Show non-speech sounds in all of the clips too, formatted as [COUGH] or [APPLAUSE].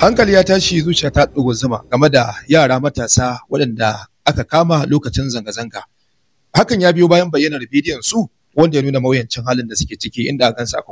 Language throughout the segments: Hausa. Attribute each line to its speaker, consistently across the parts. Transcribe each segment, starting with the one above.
Speaker 1: hankali ya tashi zuciya ta ɗugu zuma game da yara matasa waɗanda aka kama lokacin zanga-zanga hakan ya biyo bayan bayyanar bidiyon su wanda ya nuna mawuyancin halin da suke ciki inda a gansu a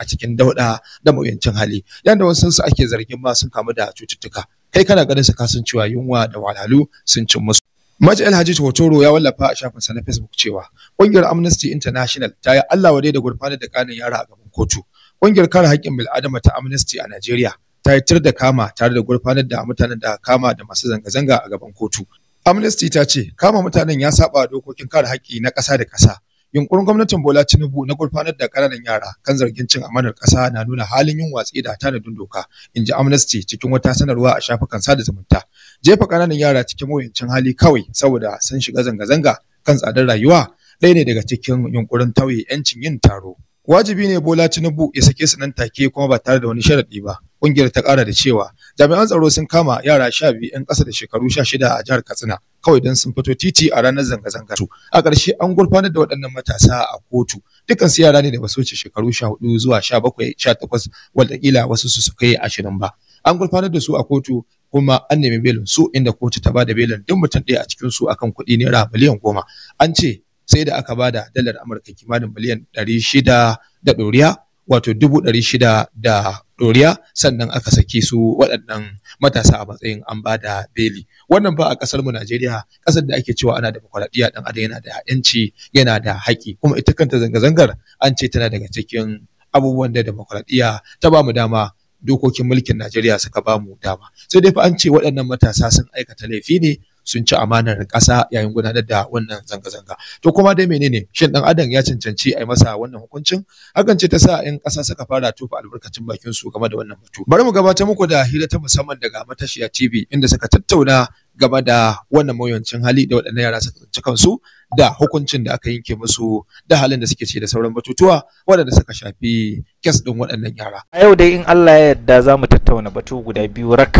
Speaker 1: a cikin dauɗa da mawuyancin hali yanda wasu su ake zargin ma sun kamu da cututtuka kai kana ganin su kasancewa yunwa da wahalhalu sun cin musu Maji Alhaji Totoro ya wallafa a shafin sa na Facebook cewa ƙungiyar Amnesty International ta yi Allah wadai da gurfanar da ƙanin yara a gaban kotu. Ƙungiyar kare haƙƙin bil'adama ta Amnesty a Najeriya ta yi tur da kama tare da gurfanar da mutanen da kama da masu zanga-zanga a gaban kotu. Amnesty ta ce kama mutanen ya saba dokokin kare haƙƙi na ƙasa da ƙasa. Yunkurin gwamnatin Bola Tinubu na gurfanar da ƙananan yara kan zargin cin amanar ƙasa na nuna halin yin watsi da tanadin doka, in ji Amnesty cikin wata sanarwa a shafukan sada zumunta. Jefa ƙananan yara cikin mawuyacin hali kawai saboda sun shiga zanga-zanga kan tsadar rayuwa ɗaya ne daga cikin yunkurin tauye 'yancin yin taro. Wajibi ne Bola Tinubu ya sake su nan take kuma ba tare da wani sharaɗi ba. kungiyar ta kara da cewa jami'an tsaro sun kama yara sha biyu 'yan kasa da shekaru sha shida a jihar Katsina kawai don sun fito titi a ranar zanga-zanga. A ƙarshe an gurfanar da waɗannan matasa a kotu. Dukkan su yara ne da basu su wuce shekaru sha hudu zuwa sha bakwai sha takwas wataƙila wasu su suka yi ashirin ba. An gurfanar da su a kotu kuma an nemi belin su inda kotu ta bada belin duk mutum ɗaya a cikin su akan kuɗi naira miliyan goma. An ce sai da aka bada dalar Amurka kimanin miliyan ɗari shida da ɗoriya wato dubu ɗari shida da ɗoriya sannan aka saki su waɗannan matasa a matsayin an ba da beli wannan ba a ƙasar mu Najeriya ƙasar da ake cewa ana demokuraɗiyya ɗan adam yana da yanci yana da haƙƙi kuma ita kanta zanga-zangar an ce tana daga cikin abubuwan da demokuraɗiyya ta ba mu dama dokokin mulkin Najeriya suka ba mu dama sai dai fa an ce waɗannan matasa sun aikata laifi ne sun ci amanar ƙasa yayin gudanar da wannan zanga-zanga to kuma dai menene shin ɗan adam ya cancanci a yi masa wannan hukuncin hakan ce ta sa 'yan ƙasa suka fara tufa albarkacin bakin su game da wannan batu bari mu gabatar muku da hira ta musamman daga matashiya tv inda suka tattauna game da wannan mawuyancin hali da waɗannan yara suka tsinci kansu da hukuncin da aka yanke musu da halin da suke ci da sauran batutuwa waɗanda suka shafi kes ɗin waɗannan yara.
Speaker 2: A yau dai in Allah ya yarda za mu tattauna batu guda biyu rak.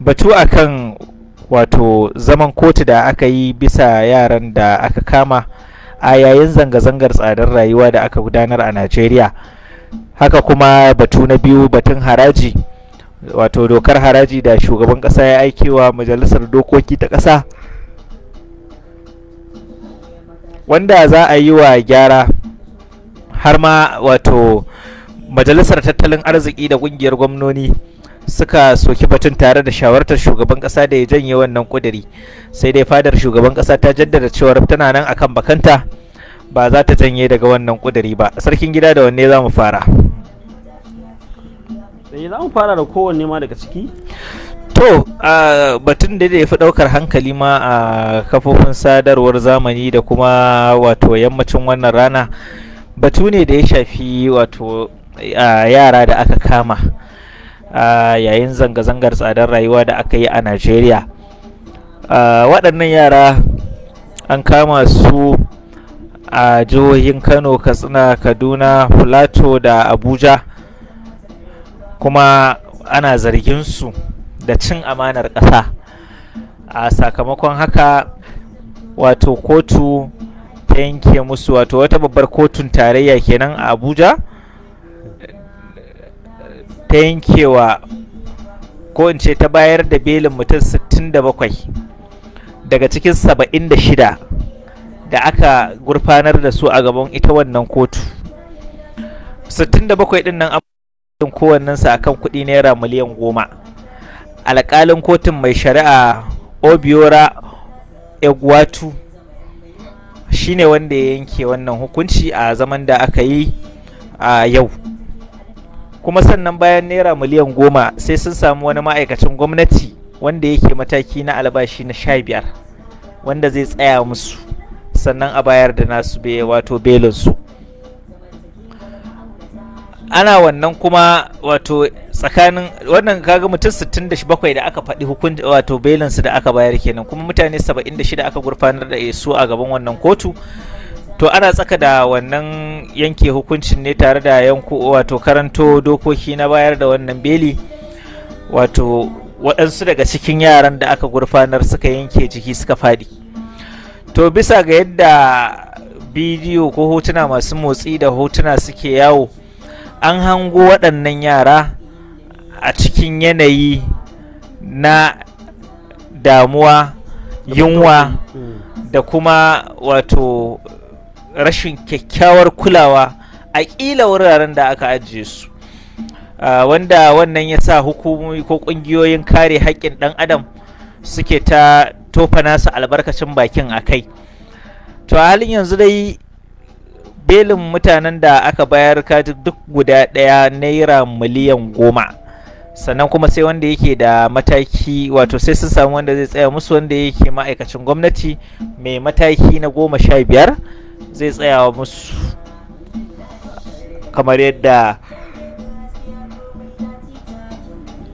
Speaker 2: Batu akan wato zaman kotu da aka yi bisa yaran da aka kama a yayin zanga-zangar tsadar rayuwa da aka gudanar a najeriya haka kuma batu na biyu batun haraji wato dokar haraji da shugaban kasa ya aikewa majalisar dokoki ta kasa wanda za a yi wa gyara har ma wato majalisar tattalin arziki da kungiyar gwamnoni suka soki batun tare da shawartar shugaban kasa da ya janye wannan kuduri sai dai fadar shugaban kasa ta jaddada cewar tana nan akan bakanta ba za ta janye daga wannan kuduri ba sarkin gida da wanne za mu fara
Speaker 3: eh, za mu fara da kowanne ma daga ciki
Speaker 2: to batun da ya fi daukar hankali ma a kafofin sadarwar zamani da kuma wato yammacin wannan rana batu ne da ya shafi wato yara da aka kama a yayin zanga-zangar tsadar rayuwa da aka yi a najeriya waɗannan yara an kama su a jihohin kano katsina kaduna plateau da abuja kuma ana zargin su da cin amanar ƙasa a sakamakon haka wato kotu ta yanke musu wato wata babbar kotun tarayya kenan a abuja ta yankewa ko in ce ta bayar da belin mutum 67 daga cikin 76 da aka gurfanar da su a gaban ita wannan kotu 67 din nan an kowannensa akan kuɗi naira miliyan goma alƙalin kotun mai shari'a obiora egwatu shine wanda ya yanke wannan hukunci a zaman da aka yi a yau kuma sannan bayan naira miliyan goma sai sun samu wani ma'aikacin gwamnati wanda yake mataki na albashi na sha biyar wanda zai tsaya musu sannan a bayar da nasu wato belinsu ana wannan kuma wato tsakanin wannan kaga mutum 67 da aka faɗi hukunci wato belinsu da aka bayar kenan kuma mutane 76 aka gurfanar da su a gaban wannan kotu to ana tsaka da wannan yanke hukuncin ne tare da yanku wato karanto dokoki na bayar da wannan beli wato waɗansu daga cikin yaran da aka gurfanar suka yanke jiki suka faɗi to bisa ga yadda bidiyo ko hotuna masu motsi da hotuna suke yawo an hango waɗannan yara a cikin yanayi na damuwa yunwa hmm. da kuma wato rashin kyakkyawar kulawa a ƙila wuraren da aka ajiye su ah, wanda wannan ya sa hukumomi ko ƙungiyoyin kare haƙƙin ɗan adam suke ta tofa nasu albarkacin bakin a kai to a halin yanzu dai belin mutanen da aka bayar kati duk guda ɗaya naira miliyan goma sannan kuma sai wanda yake da mataki wato sai sun samu wanda zai tsaya musu wanda yake ma'aikacin gwamnati mai mataki na goma sha biyar zai tsaya musu kamar yadda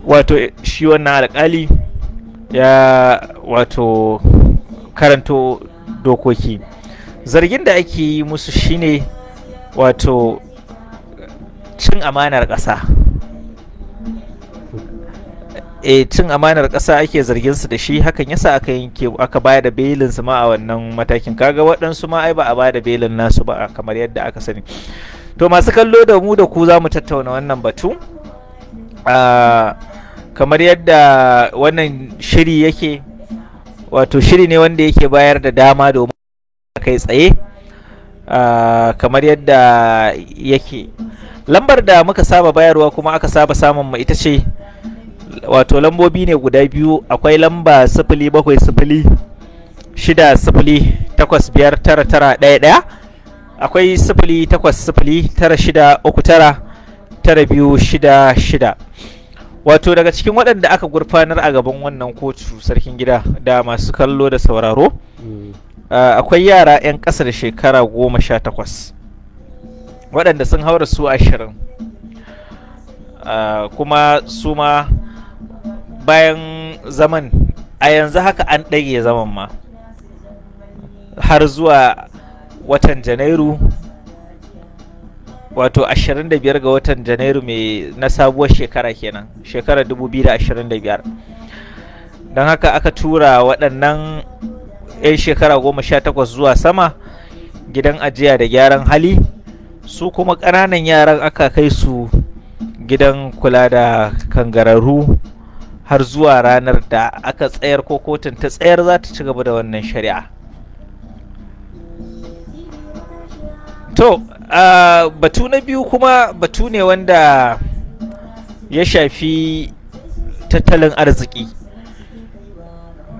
Speaker 2: wato shi wannan alkali ya wato karanto dokoki zargin da ake yi musu shine wato cin amanar ƙasa e cin amanar ƙasa ake zargin su da shi hakan yasa aka yanke aka bayar da belin su ma a wannan matakin kaga waɗansu ma ai ba a bayar da belin nasu ba kamar yadda aka sani to masu kallo da mu da ku za mu tattauna wannan batu ah, kamar yadda wannan shiri yake wato shiri ne wanda yake bayar da dama domin kai tsaye ah, kamar yadda yake lambar da muka saba bayarwa kuma aka saba samun mu ita ce wato lambobi ne guda biyu akwai lamba sifili bakwai sifili shida sifili takwas biyar tara tara ɗaya ɗaya akwai sifili takwas sifili tara shida uku tara tara biyu shida shida wato daga cikin waɗanda aka gurfanar a gaban wannan kotu sarkin gida da masu kallo da sauraro hmm. ah, akwai yara 'yan ƙasa da shekara goma sha takwas waɗanda sun haura su ashirin ah, kuma su ma bayan zaman a yanzu haka an ɗage zaman ma har zuwa watan janairu wato 25 ga watan janairu mai na sabuwar shekara kenan shekarar 2025 don haka aka tura waɗannan 'yan shekara 18 zuwa sama gidan ajiya da gyaran hali su kuma ƙananan yaran aka kai su gidan kula da kangararru har zuwa ranar da aka tsayar ko kotun ta tsayar za ta ci gaba da wannan shari'a to batu na biyu kuma batu ne wanda ya shafi tattalin arziki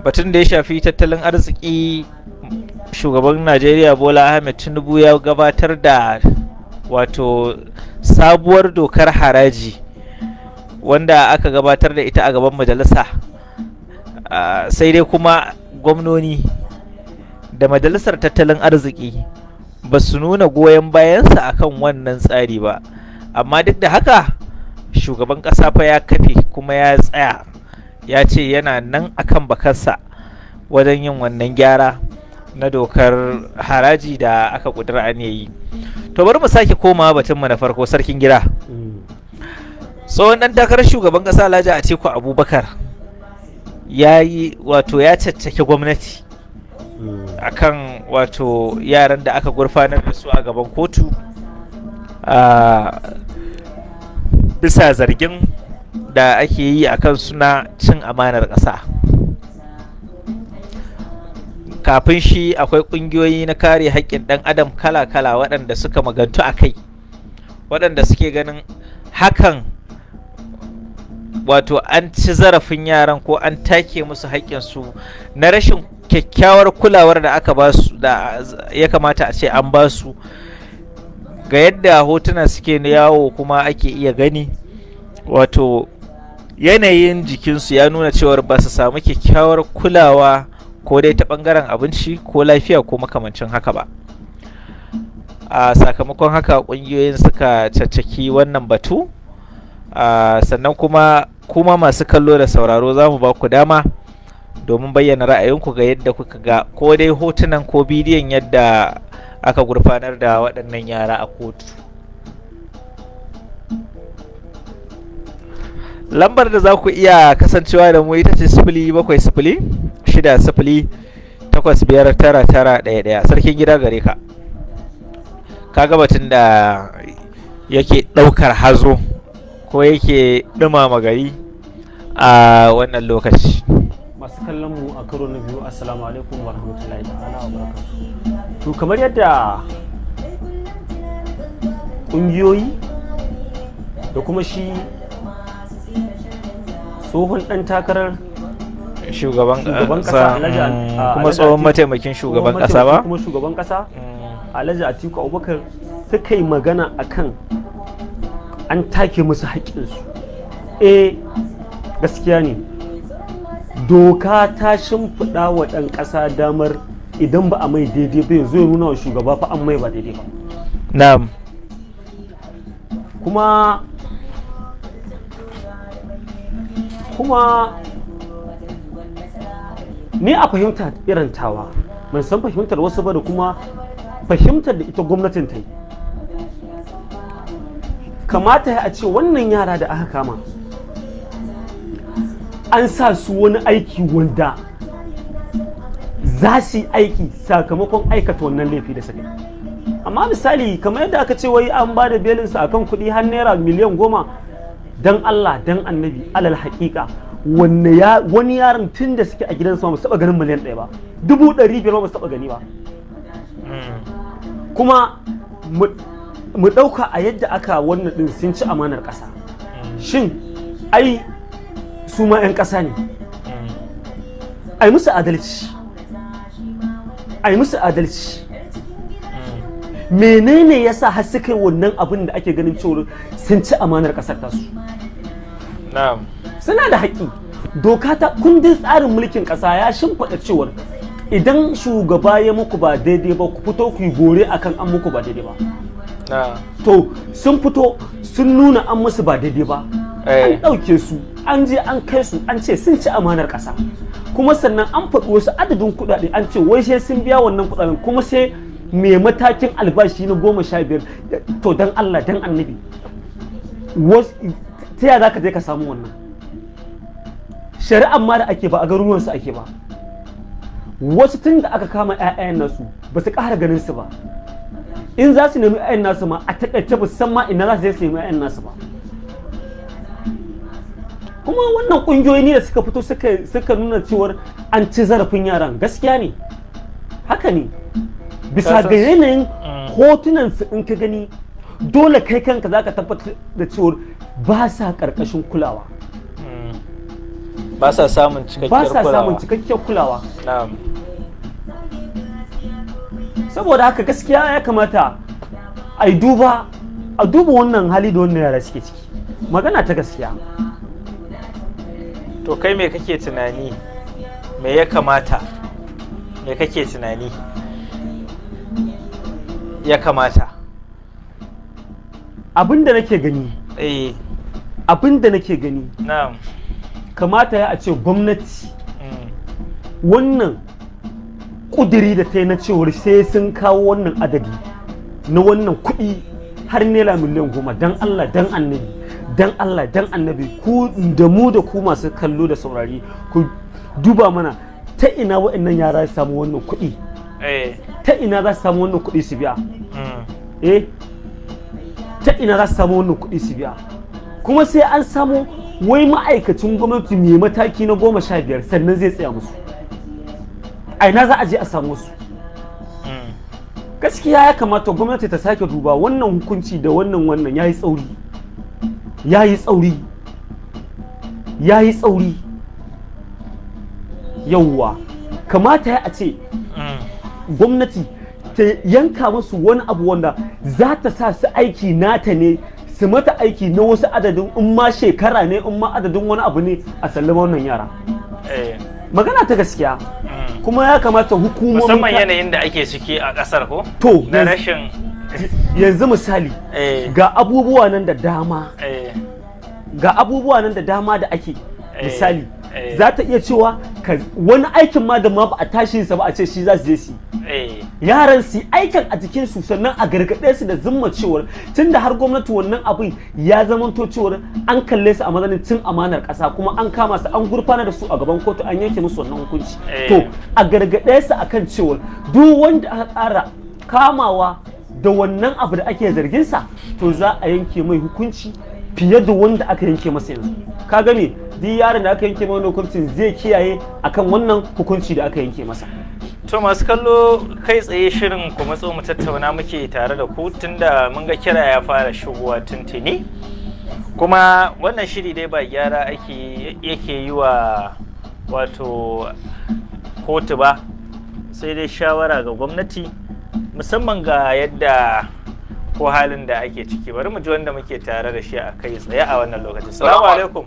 Speaker 2: batun da ya shafi tattalin arziki shugaban najeriya bola ahmed tinubu ya gabatar da wato sabuwar dokar haraji wanda aka gabatar da ita a gaban majalisa sai dai kuma gwamnoni da majalisar tattalin arziki ba su nuna goyon bayansa akan wannan tsari ba amma duk da haka shugaban ƙasa fa ya kafe kuma ya tsaya ya ce yana nan akan bakarsa wajen yin wannan gyara na dokar haraji da aka kudura an yi to bari mu sake komawa batunmu na farko sarkin gida mm. tsohon ɗan takarar shugaban ƙasa alhaji teku abubakar ya yi wato ya caccaki gwamnati akan wato yaran da aka gurfanar da su a gaban kotu a bisa zargin da ake yi akan suna cin amanar ƙasa kafin shi akwai ƙungiyoyi na kare haƙƙin ɗan adam kala-kala waɗanda suka magantu a kai waɗanda suke ganin hakan wato an ci zarafin yaran ko an take musu su na rashin kyakkyawar kulawar da aka ba su da ya kamata a ce an ba su ga yadda hotuna suke yawo kuma ake iya gani wato yanayin jikinsu ya nuna cewar ba su samu kyakkyawar kulawa ko dai ta bangaren abinci ko lafiya ko makamancin haka ba a sakamakon haka ƙungiyoyin suka caccaki wannan batu sannan kuma kuma masu kallo da sauraro za mu ba ku dama domin bayyana ra'ayinku ga yadda kuka ga ko dai hotunan ko bidiyon yadda aka gurfanar da waɗannan yara a kotu lambar da za ku iya kasancewa da mu ita ce sifili bakwai sifili shida sifili takwas biyar tara tara ɗaya ɗaya sarkin gida gare ka ka batun da yake ɗaukar hazo ko yake dumama gari a wannan lokaci
Speaker 3: masu kallon mu a karo na biyu assalamu alaikum wa rahmatullahi wa barakatuh to kamar yadda ƙungiyoyi da kuma shi tsohon ɗan takarar shugaban ƙasa kuma tsohon mataimakin shugaban ƙasa mm, ba kuma shugaban ƙasa mm. alhaji atiku abubakar suka yi magana akan an take musu su eh gaskiya ne doka ta shimfiɗa wa ɗan ƙasa damar idan ba a mai daidai ba yanzu ya nuna wa shugaba fa an mai ba daidai ba na'am kuma kuma ni a fahimta irin tawa ban san fahimtar wasu ba da kuma fahimtar da ita gwamnatin ta yi kamata a ce wannan yara da aka kama an sa su wani aiki wanda za su aiki sakamakon aikata wannan laifi da suka amma misali kamar yadda aka ce wai an ba da belinsa kan kuɗi har naira miliyan goma don Allah don annabi alal haƙiƙa wani yaron tun da suke a gidansa ba su taɓa ganin miliyan ɗaya ba dubu ɗari biyar ba su taɓa gani ba hmm. kuma mu ɗauka a yadda aka wannan ɗin sun ci amanar ƙasa shin ai su ma 'yan ƙasa ne ai musu adalci ai musu adalci menene ya sa har suka wannan abin da ake ganin cewa sun ci amanar ƙasar tasu suna da haƙƙi doka ta kundin tsarin mulkin ƙasa ya shimfaɗa cewar idan shugaba ya muku ba daidai ba ku fito ku yi gore akan an muku ba daidai ba Ah. to sun fito sun nuna an musu ba daidai ba eh. an ɗauke su an je an kai su an ce sun ci amanar ƙasa kuma sannan an faɗi wasu adadin kuɗaɗe an ce wai sai sun biya wannan kuɗaɗen kuma sai mai matakin albashi na goma sha biyar to dan Allah dan annabi ta yaya za ka je ka samu wannan shari'ar ma da ake ba a garuruwansu ake ba wasu tun da aka kama 'ya'yan nasu ba su ƙara ganin su ba in za su nemi 'ya'yan nasu ma a takaice ba ma ina za su je su nemi ayan nasu ba kuma wannan kungiyoyi ne da suka fito suka nuna cewar an ci zarafin yaran gaskiya ne haka ne bisa ga yanayin mm. hotunan su in ka gani dole kai kanka zaka tabbatar da cewar ba sa karkashin kulawa mm.
Speaker 2: ba sa samun cikakkiyar kulawa
Speaker 3: saboda haka gaskiya ya kamata a duba a duba wannan hali da wannan yara suke ciki magana ta gaskiya
Speaker 2: to kai me kake tunani me ya kamata me kake tunani ya kamata
Speaker 3: abin da nake gani eh abin da nake gani na'am kamata ya a ce gwamnati mm. wannan ƙudiri da ta yi na cewar sai sun kawo wannan adadi na wannan kuɗi har nela miliyan goma don Allah don annabi don Allah don annabi ku da mu da ku masu kallo da saurari ku duba mana ta ina waɗannan yara su samu wannan kuɗi eh. ta ina za su samu wannan kuɗi su biya hmm. eh ta ina za su samu wannan kuɗi su biya kuma sai an samu wai ma'aikacin gwamnati mai mataki na goma sha biyar sannan zai tsaya musu aina za a je a samu su gaskiya ya kamata gwamnati ta sake duba wannan hukunci da wannan wannan ya yi tsauri ya yi tsauri ya yi tsauri yauwa kamata ya a ce gwamnati ta yanka musu wani abu wanda za ta sa su aiki nata ne su mata aiki na wasu adadin in ma shekara ne in ma adadin wani abu ne a sallama wannan yara. Eh. magana ta gaskiya kuma ya kamata hukumomi musamman yanayin
Speaker 2: da ake ciki a kasar ko to na rashin
Speaker 3: yanzu misali eh. ga abubuwa nan da dama eh. ga abubuwa nan da dama da ake eh. misali Eh. za ta iya cewa wani aikin ma da ma ba a tashi sa ba a ce shi za su je su eh. yaran su aikin a jikin su sannan a gargaɗe su da zumma cewar tun da har gwamnati wannan abin ya zama to cewar an kalle su a mazanin cin amanar ƙasa kuma an kama su an gurfana da su a gaban kotu an yanke musu wannan hukunci eh. to a gargaɗe su akan cewar duk wanda aka ƙara kamawa da wannan abu da ake zargin sa to za a yanke mai hukunci fiye da wanda aka yanke masa yanzu ka gani duk yaron da aka yanke masa hukuncin zai kiyaye akan wannan hukunci da aka yanke masa
Speaker 2: to masu kallo kai tsaye shirin kuma matso mu tattauna muke tare da ku tunda mun ga kira ya fara shigowa tuntuni kuma wannan shiri dai ba gyara ake yake yi wa wato kotu ba sai dai shawara ga gwamnati musamman ga yadda ko halin da ake ciki bari mu ji wanda muke tare da shi a kai tsaye a wannan lokacin assalamu alaikum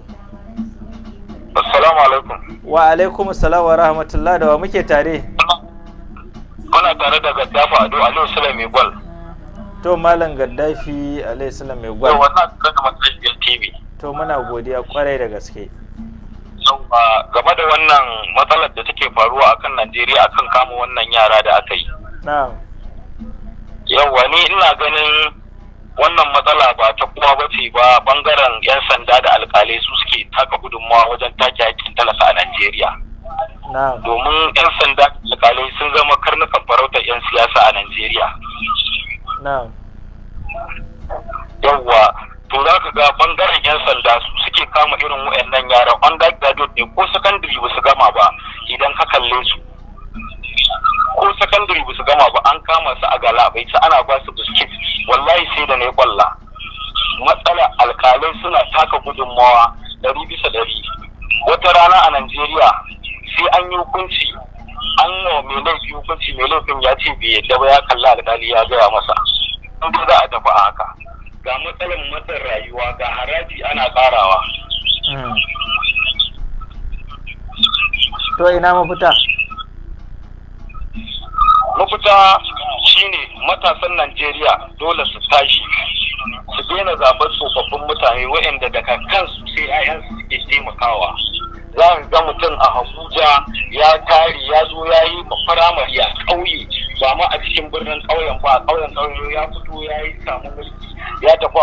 Speaker 2: assalamu alaikum wa alaikum assalamu wa rahmatullah da wa muke tare
Speaker 4: muna tare da gaddafi ado aliyu mai gwal
Speaker 2: to malam gaddafi aliyu mai gwal to wannan
Speaker 4: daga matsayin tv
Speaker 2: to muna godiya kwarai da gaske
Speaker 4: game da wannan matsalar da take faruwa akan najeriya akan kama wannan yara da aka yi na'am yawwa ni ina ganin wannan matsala ba ta kowa ba ce ba bangaren 'yan sanda da alkalai su suke taka gudunmawa wajen take hakkin talaka a Najeriya. Domin 'yan sanda da alkalai sun zama karnukan farautar 'yan siyasa a Najeriya. Yawwa, to za ka ga bangaren 'yan sanda su suke kama irin wa'annan yaran undergraduate ne ko secondary ba labai ana ba su biskit wallahi sai da na yi kwalla matsala alkalai suna taka gudunmawa ɗari bisa ɗari wata rana a najeriya sai an yi hukunci an yi mai laifi hukunci mai laifin ya ce bai yadda ba ya kalla alkali ya gaya masa in ba za a tafi a haka ga matsalar matsar rayuwa ga haraji ana karawa
Speaker 2: hmm. to ina mafita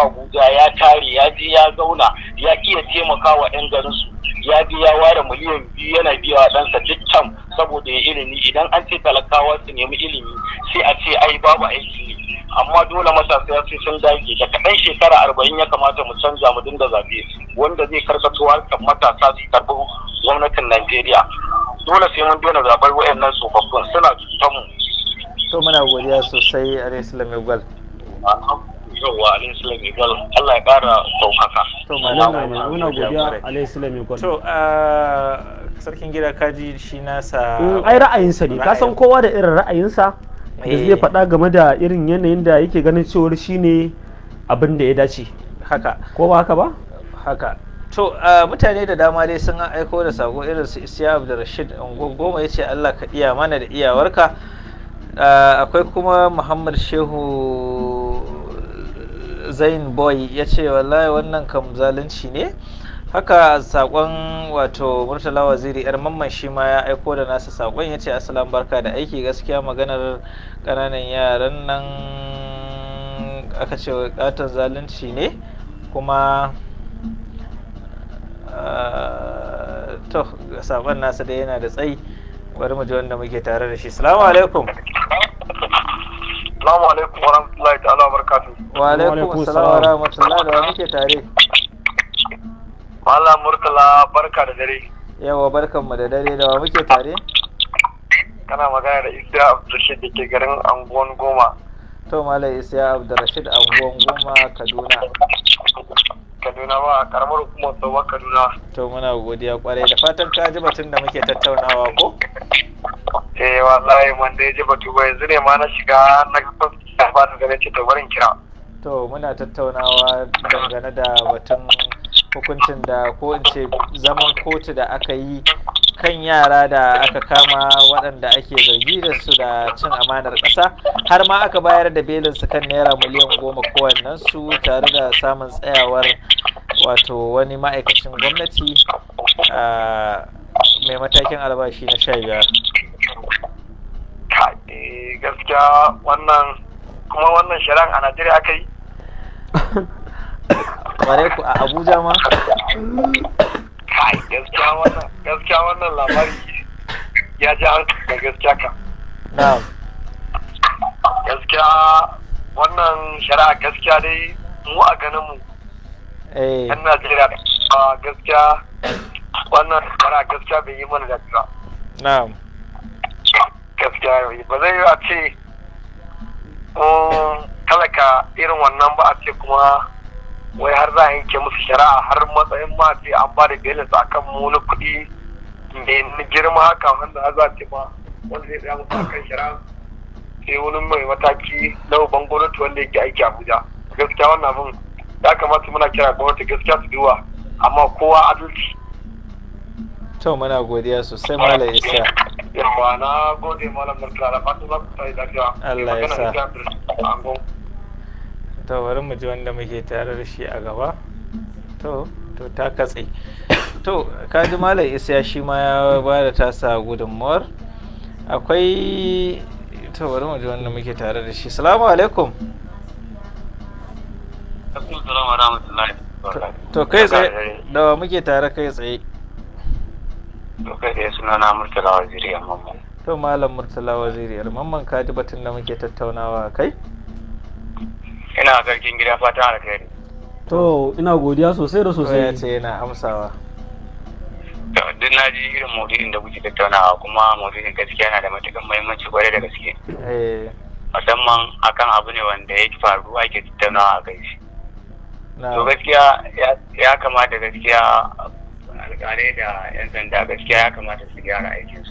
Speaker 4: tafi guga ya tare ya je ya zauna ya iya taimaka wa 'yan garinsu ya biya ware miliyan biyu yana biya wa ɗansa dukkan saboda ya ilimi idan an ce talakawa su nemi ilimi sai a ce ai babu aiki ne amma dole matasa sai sun dage da kaɗan shekara arba'in ya kamata mu canza mu dinga zaɓe wanda zai karkato harkar matasa su karɓi gwamnatin najeriya dole sai mun dole zaɓar wa'annan tsofaffin suna cutar mu.
Speaker 2: to muna godiya sosai a gwal.
Speaker 4: yawwa alayhi salam
Speaker 2: igal Allah ya kara daukaka to malam ne muna godiya alayhi salam igal to sarkin gida kaji shi nasa mm, ai ra'ayinsa ne ka san
Speaker 3: kowa da irin ra'ayinsa da
Speaker 2: eh. zai faɗa
Speaker 3: game da irin yanayin da yake ganin cewar shine abin da
Speaker 2: ya dace haka ko ba haka ba haka to mutane da dama dai sun aiko da sako irin su isiya abdurrashid goma ya ce allah ka iya mana da iyawarka akwai kuma muhammad shehu zain boy ya ce wallahi wannan kam zalunci ne haka sakon wato murtala waziri yar mamman shi ma ya aiko da nasa sakon ya ce asalan barka da aiki gaskiya maganar kananan yaran nan aka ce katon zalunci ne kuma ah, to sakon nasa da yana da tsayi bari mu ji wanda muke tare da shi salamu alaikum
Speaker 4: Assalamu alaikum wa rahmatullahi ta'ala wa barakatuhu. Wa alaikum assalam wa
Speaker 2: rahmatullahi da wa muke tare.
Speaker 4: Malam Murtala barka da dare.
Speaker 2: Yawa barkan mu da dare da wa muke tare?
Speaker 4: Kana magana da Isiya Abdulrashid da ke garin Angon Goma.
Speaker 2: To Malam Isiya Abdulrashid Angon Goma Kaduna.
Speaker 4: Kaduna ba karamar hukumar tsawon Kaduna.
Speaker 2: To muna godiya kwarai da fatan ka ji batun da muke tattaunawa ko?
Speaker 4: Eh wallahi man ya ji batu ba yanzu ne ma na shiga na ga ba da gane ce to kira.
Speaker 2: To muna tattaunawa dangane da batun hukuncin da ko in ce zaman kotu da aka yi kan yara da aka kama waɗanda ake zargi da su da cin amanar ƙasa har ma aka bayar da su kan naira miliyan goma su tare da samun tsayawar wato wani ma'aikacin gwamnati mai matakin albashi na sha biyar
Speaker 4: eh, gaskiya wannan kuma wannan shirin a najeriya aka yi
Speaker 2: a abuja ma [LAUGHS]
Speaker 4: kai gaskiya wannan gaskiya ya ji hankali gaskiya kan gaskiya wannan shari'a gaskiya dai mu a ganin mu eh. yan Najeriya da gaskiya wannan shari'a gaskiya bai yi mana daɗi ba na'am ba zai yi ce irin wannan ba a ce kuma wai har za a yanke musu shari'a har matsayin ma ce an ba da belin a kan na kuɗi mai girma haka wanda za ce ma wanda zai tsaya musu kan shari'a sai wani mai mataki na uban gwamnati wanda yake aiki abuja gaskiya wannan abin ya kamata muna kira gwamnati gaskiya su duba amma kowa adalci
Speaker 2: to muna godiya sosai malam isa
Speaker 4: yawa na gode malam barka da fatan za ku tsaye lafiya Allah ya sa
Speaker 2: to bari mu ji wanda muke tare da shi a gaba to to ta katse to kaji malam ya shi ma ya ba da tasa gudunmuwar akwai to bari mu ji wanda muke tare da shi salamu alaikum
Speaker 5: to kai tsaye
Speaker 2: dawa muke tare kai tsaye
Speaker 5: to kai tsaye suna na murtala waziri mamman
Speaker 2: to malam murtala waziri mamman kaji batun da muke tattaunawa kai
Speaker 5: ina zargin gida fata alkhairi
Speaker 2: to ina godiya sosai da sosai ya ce yana amsawa
Speaker 5: duk na ji irin maudu'in da kuke tattaunawa kuma maudu'in gaskiya na da matukan muhimmanci kwarai da gaske
Speaker 2: eh.
Speaker 5: musamman akan abu ne wanda ya faru ke tattaunawa a kai shi to gaskiya ya kamata gaskiya alƙalai da 'yan sanda gaskiya ya kamata su gyara aikin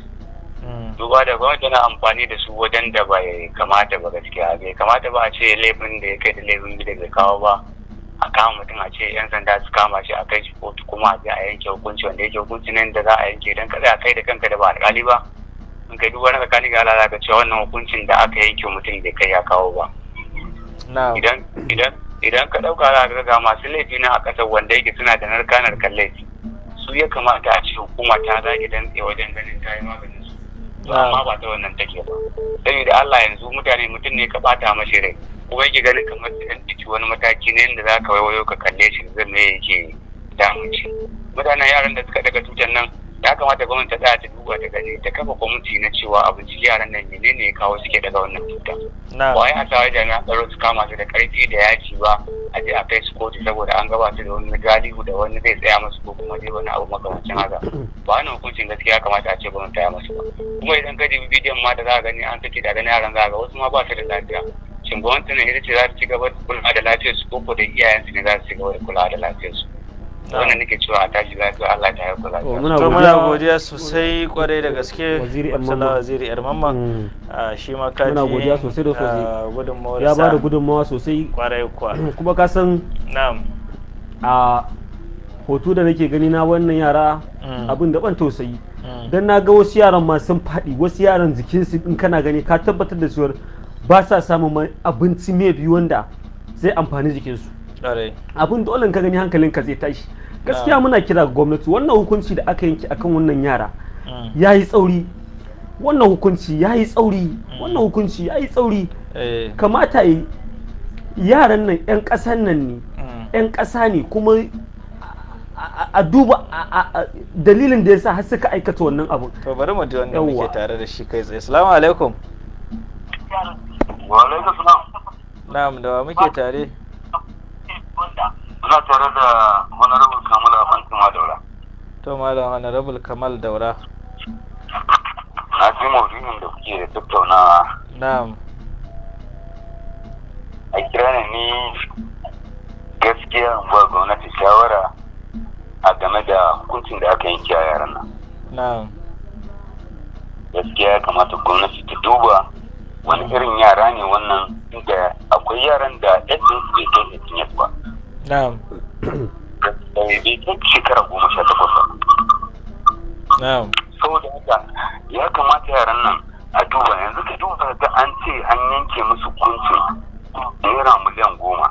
Speaker 5: duba da gwamnati na amfani da su wajen da bai kamata ba gaskiya bai kamata ba a ce laifin da ya kai da laifin da bai kawo ba a kama mutum a ce yan sanda su kama shi a kai shi kotu kuma a a yanke hukunci wanda yake hukunci nan da za a yanke dan kada a kai da kanka da ba alƙali ba in kai duk wani tsakanin ga Allah ka cewa wannan hukuncin da aka yanke mutum bai kai ya kawo ba idan idan idan ka ɗauka za ga masu laifi na a ƙasar wanda yake suna da narka narkan laifi su ya kamata a ce hukuma ta zage dantse wajen ganin ta yi magani amma ba ta wannan take ba sai da Allah yanzu mutane mutum ne ka bata mashi rai kuma yake ganin kamar sai ciki wani mataki ne inda zaka waiwayo ka kalle shi zai me yake damu mutanen yaran da suka daga tutan nan ya kamata gwamnati ta ta duba ta gani ta kafa kwamiti na cewa a binciki yaran nan menene ya kawo suke daga wannan cuta ba ya sa jami'an tsaro su kama su da karfi da yaci ba a je a kai su kotu saboda an gaba su da wani galihu da wani zai tsaya musu ko kuma dai wani abu makamancin haka ba wani hukuncin gaskiya kamata a ce gwamnati ta yi musu ba kuma idan ka ji bidiyon ma da za a gani an sake da gani yaran za a ga wasu ma ba su da lafiya shin gwamnati ne ita ce za ta ci gaba da kula da lafiyarsu ko ko da iyayensu ne za su ci gaba da kula da lafiyarsu wannan nake cewa a tashi lafiya Allah ya yi kula to muna godiya
Speaker 2: sosai kwarai da gaske waziri waziri yar mamma mm. ah, shi ma kaji muna godiya sosai da sosai ah, ya ba da
Speaker 3: gudunmawa sosai kwarai kwa [CLEARS THROAT] kuma ka san na'am a hoto da nake gani na wannan yara mm. abin da ban tausayi mm. dan na ga wasu yaran ma sun faɗi wasu yaran jikinsu in kana gani ka tabbatar da cewa ba sa samun abinci mai biyu wanda zai amfani jikinsu abin dole ka gani ka zai tashi gaskiya muna kira ga gwamnati wannan hukunci da aka yanki akan wannan yara mm. ya yi tsauri wannan hukunci ya yi tsauri mm. wannan hukunci ya yi tsauri eh. kamata yi yaran nan 'yan ƙasan nan ne 'yan mm. ƙasa ne kuma a duba dalilin da ya sa har suka aikata wannan abu to
Speaker 2: bari mu ji wannan muke tare da shi kai tsaye assalamu alaikum wa alaikum salam na'am da wa muke tare
Speaker 4: Kuna tare da Honorable Kamal Afantin Daura.
Speaker 2: To Malam Honorable Kamal Daura.
Speaker 4: Na ji maudu'in da kuke da tattaunawa. Na'am. A kira ne ni gaskiya ba gwamnati shawara a game da hukuncin da aka yanke a yaran nan. Na'am. Gaskiya kamata gwamnati ta duba wani irin yara ne wannan inda akwai yaran da yadda su bai kai ba. na'am bai kai shekara goma sha takwas na'am saboda haka ya kamata yaran nan a duba yanzu ka duba ga an ce an yanke musu kuncin naira miliyan goma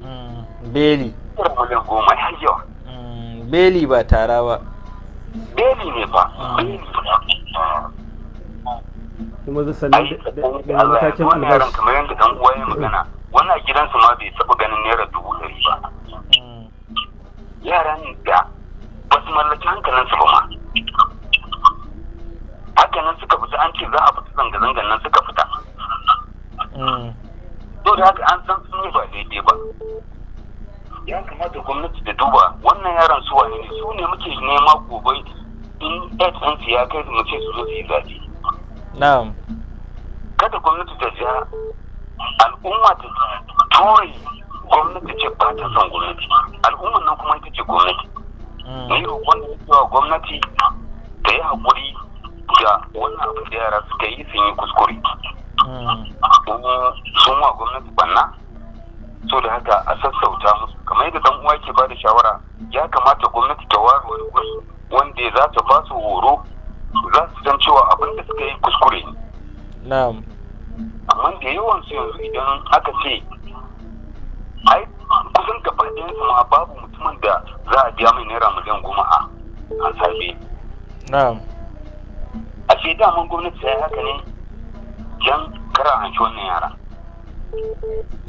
Speaker 2: mm, beli
Speaker 4: naira miliyan goma ya yawa
Speaker 2: mm, beli ba tara ba
Speaker 4: beli ne ba mm. beli
Speaker 2: kuma zai sannan
Speaker 4: da matakin albashi kamar yadda dan uwa ya magana wannan gidansu ma bai taɓa ganin naira dubu ɗari ba yaran da ba su mallaki hankalin ba ma haka nan suka fita an ce za a fita zanga-zangan nan suka fita mm. to da haka an san sun yi ba daidai ba ya kamata gwamnati da duba wannan yaran su wane su ne muke nema gobe in ɗansu ya kai su mace su yi zaɓe na'am kada gwamnati ta ja al'umma ta tura gwamnati ce ba ta son gwamnati al'ummar nan kuma ita ce gwamnati mm. ni roƙon da cewa gwamnati ta yi haƙuri ga wannan abin da yara suka yi sun yi kuskure mm. sun wa gwamnati banna so da haka a sassauta musu kamar yadda dan uwa ke bada shawara ya kamata gwamnati ta ware wani wasu wanda
Speaker 2: za ta ba su horo za su san cewa abin da suka yi kuskure ne amma da yawan su yanzu idan aka
Speaker 4: ce ai kusan gaba su ma babu mutumin da za a biya mai naira miliyan goma a an sabe na'am a ce daman gwamnati sai haka ne yan kara ci wannan yara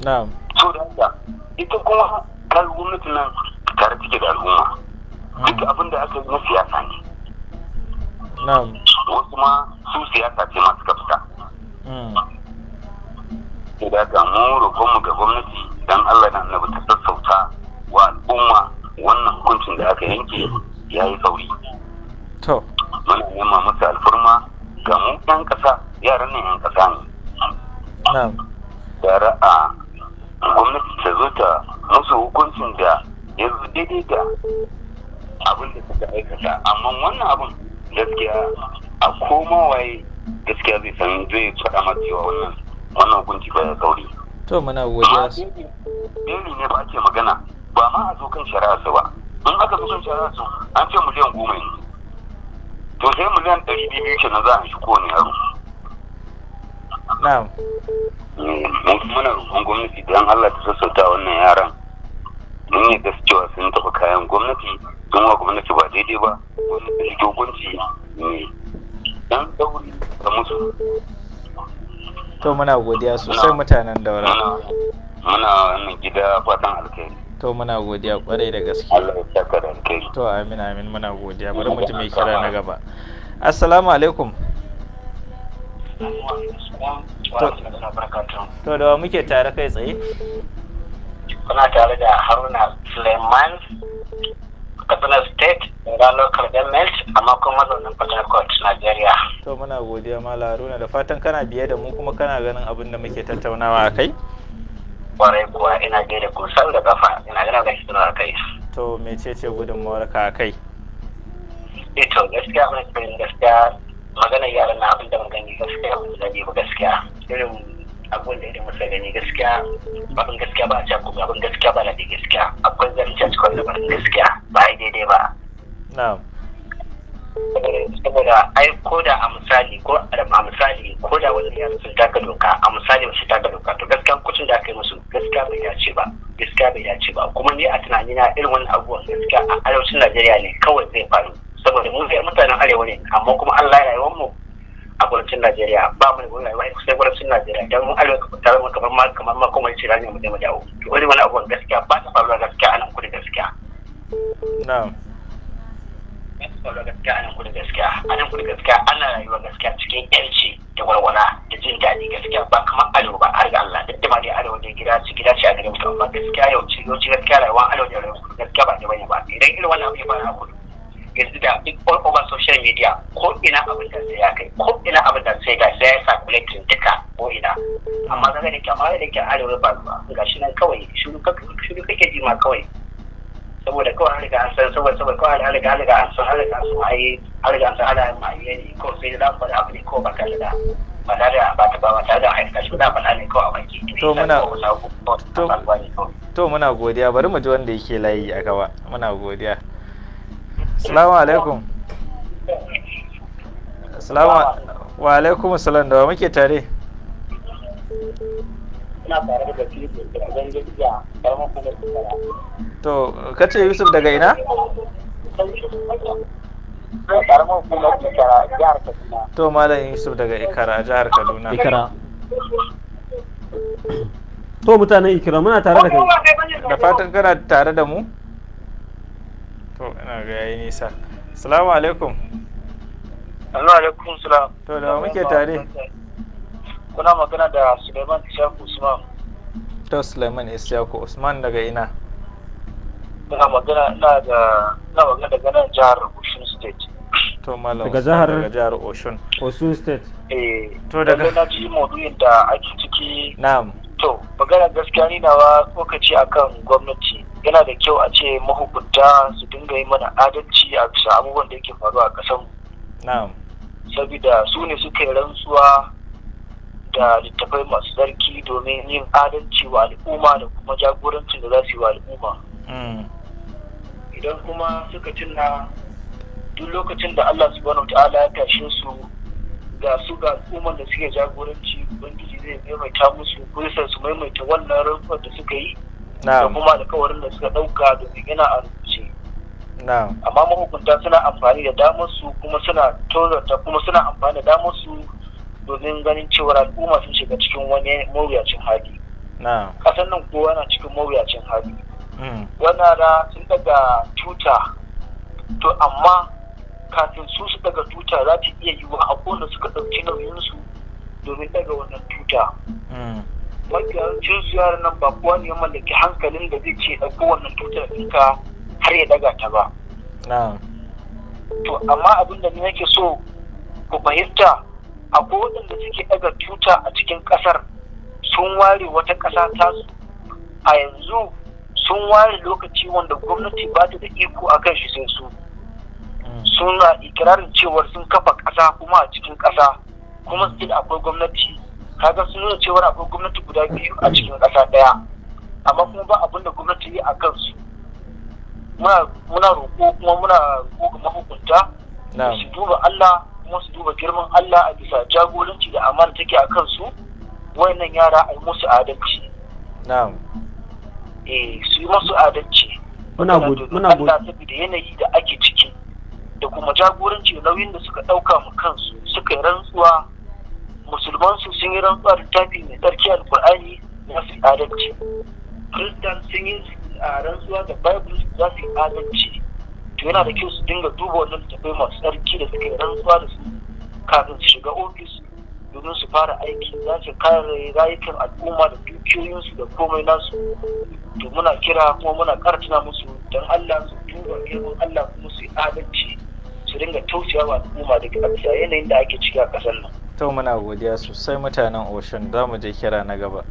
Speaker 4: na'am so da haka ita kuma kar gwamnati nan tare take da al'umma hmm. duk abin da aka yi na siyasa ne na'am wasu ma su siyasa ce masu kafta. Hmm. Ida ka mu roƙon mu ga gwamnati dan Allah na annabi ta sassauta wa al'umma wannan hukuncin da aka yanke ya yi sauri to muna nema masa alfurma ga mu yan ƙasa. yaran nan yan ƙasa ne Da a gwamnati ta zo ta musu hukuncin da ya zo daidai da abin da suka aikata amma wannan abin gaskiya a koma waye gaskiya zai sami zai faɗa ma cewa wannan wannan hukunci ba ya sauri
Speaker 2: to muna godiya
Speaker 4: beli ne ba ake magana ba ma a zo kan shari'arsa ba in aka zo kan shari'arsa an ce miliyan goma ne to sai miliyan ɗari biyu ke na za a shi kowane yaro Mun muna roƙon gwamnati don Allah ta sassauta wannan yaran mun yi cewa sun taɓa kayan gwamnati sun wa gwamnati ba daidai ba wani da dogonci ne. dan ɗauri da musu
Speaker 2: to muna godiya sosai mutanen daura muna wannan gida fatan alkhairi to muna godiya kwarai da gaske Allah ya saka da alkhairi to amin amin muna godiya bari ji mai kira na gaba assalamu alaikum to da muke tare kai tsaye
Speaker 4: kuna tare da haruna suleiman Kaduna state da local government amma kuma mazaunin port court nigeria
Speaker 2: to muna godiya mala haruna da fatan kana biye da mu kuma kana ganin abin da muke tattaunawa a kai
Speaker 4: kwarai kuwa ina gaida ku sau da kafa ina gana ga shi kai
Speaker 2: to mecece gudunmawar ka kai
Speaker 4: Ito eh gaskiya mai tsirin gaskiya magana yaran na abin da gani gaskiya mun zabe ba gaskiya irin abin da irin musa gani gaskiya abin gaskiya ba a can kuma abin gaskiya ba na gaskiya akwai zancen cikin da gaskiya ba daidai ba na'am saboda ai ko da a misali ko a misali ko da wani ya sun taka doka a misali ba shi taka doka to gaskiya kucin da aka yi musu gaskiya bai dace ba gaskiya bai dace ba kuma ni a tunani na irin wani abubuwan gaskiya a arewacin Najeriya ne kawai zai faru saboda mun sai mutanen arewa ne amma kuma Allah ya rayuwar mu a gwamnatin Najeriya ba mu da rayuwa sai gwamnatin Najeriya dan mun arewa ta zama kamar ma kamar ma kuma ce rani mu da mu dawo to wani wani abubuwan gaskiya ba ta faruwa gaskiya a nan kudi gaskiya na'am tsaro gaskiya anan kudu gaskiya anan kudu gaskiya ana rayuwa gaskiya cikin yanci da walwala da jin daɗi gaskiya ba kamar arewa ba har ga Allah duk da ma dai arewa ne gida ci gida ce a garin mu amma gaskiya yau ci yau ci gaskiya rayuwa arewa da rayuwa kudu gaskiya ba ne bane ba idan irin wannan abu ba na a kudu yanzu da duk all over social media ko ina abin da sai ya kai ko ina abin da sai ga sai ya sa collecting duka ko ina amma zaka da kyamara da ke arewa ba ga shi nan kawai shiru kake ji ma kawai saboda kawai an riga an san saboda saboda kawai an riga an riga an san an riga an san ai an riga an san ana maye ne ko sai da ku da abu ne ko ba ka da ba tare da ba ta ba tare da haifka shi da tare da kawai a baki to muna
Speaker 2: to muna godiya bari mu ji wanda yake layi a gaba muna godiya assalamu alaikum assalamu wa alaikum assalam da muke tare
Speaker 4: ina tare da Basiru da Zanjiya da Muhammad Sala
Speaker 2: to kace yusuf daga ina to malam yusuf daga ikara jihar kaduna ikara to mutanen ikira muna tare da kai da fatan kana tare da mu to ina ga yayi nisa assalamu alaikum assalamu alaikum salam to da muke tare kuna magana
Speaker 4: da suleiman isyaku usman
Speaker 2: to suleiman isyaku usman daga ina na magana na da na magana daga nan jihar Osun State. To Malam daga jihar daga jihar Osun. Osun State. Eh to daga na ji maudu'in da
Speaker 4: ake ciki. Na'am. To magana gaskiya ni nawa lokaci akan gwamnati yana da kyau a ce mahukunta su dinga yi mana adalci a bisa abubuwan da yake faruwa a ƙasar. Na'am. Sabida su ne suka yi rantsuwa da littafai masu zarki domin yin adalci wa al'umma da kuma jagorancin da za su yi wa al'umma. Hmm. idan kuma suka tuna duk lokacin da Allah subhanahu ta'ala ya tashe su ga su ga al'ummar da suke jagoranci ubangiji zai maimaita musu kusa su maimaita wannan rufar da suka yi da kuma alkawarin da suka ɗauka domin yana a rubuce
Speaker 2: amma
Speaker 4: mahukunta suna amfani da damar su kuma suna tozarta kuma suna amfani da damar su domin ganin cewar al'umma sun shiga cikin wani mawuyacin hali kasan nan kowa na cikin mawuyacin hali wannan da sun daga tuta to amma kafin su su daga tuta za ta iya yiwa a kowane suka ɗauki su domin daga wannan tuta mm. magiyancin su yaran nan ba kuwa ne ya mallaki hankalin da zai ce ɗauko wannan tutar ɗinka har ya daga ta ba to amma abin da nake so ku fahimta akwai waɗanda suke daga tuta a cikin ƙasar sun ware wata ƙasa tasu a yanzu sun ware lokaci wanda gwamnati ba ta da iko a kan shi sai su hmm. suna ikirarin cewar sun kafa ƙasa kuma a cikin ƙasa kuma da hmm. akwai gwamnati kaga sun nuna cewar akwai gwamnati guda biyu a cikin hmm. ƙasa ɗaya amma kuma ba abin da gwamnati yi a kansu muna roƙo kuma muna roƙo ga mahukunta su duba Allah kuma su duba girman Allah a bisa jagoranci da amana take a kansu wayannan yara a yi musu adalci na'am eh su yi masu adalci
Speaker 2: muna muna
Speaker 4: saboda yanayi da ake ciki da kuma jagoranci nauyin da suka ɗauka mu kansu suka yi rantsuwa musulman su sun yi rantsuwa da tafi mai tsarki alkur'ani na su adalci kristan sun yi rantsuwa da bible za su yi adalci to yana da kyau su dinga duba wannan littattafai masu tsarki da suka yi rantsuwa da su kafin su shiga ofis domin su fara aiki za su kare rayukan al'umma da dukiyoyinsu da komai nasu to muna kira kuma muna kartuna musu don Allah su duba girman Allah kuma su yi adalci su dinga tausaya wa al'umma da a yanayin da ake ciki a ƙasar nan.
Speaker 2: To muna godiya sosai mutanen Ocean za mu je kira na gaba.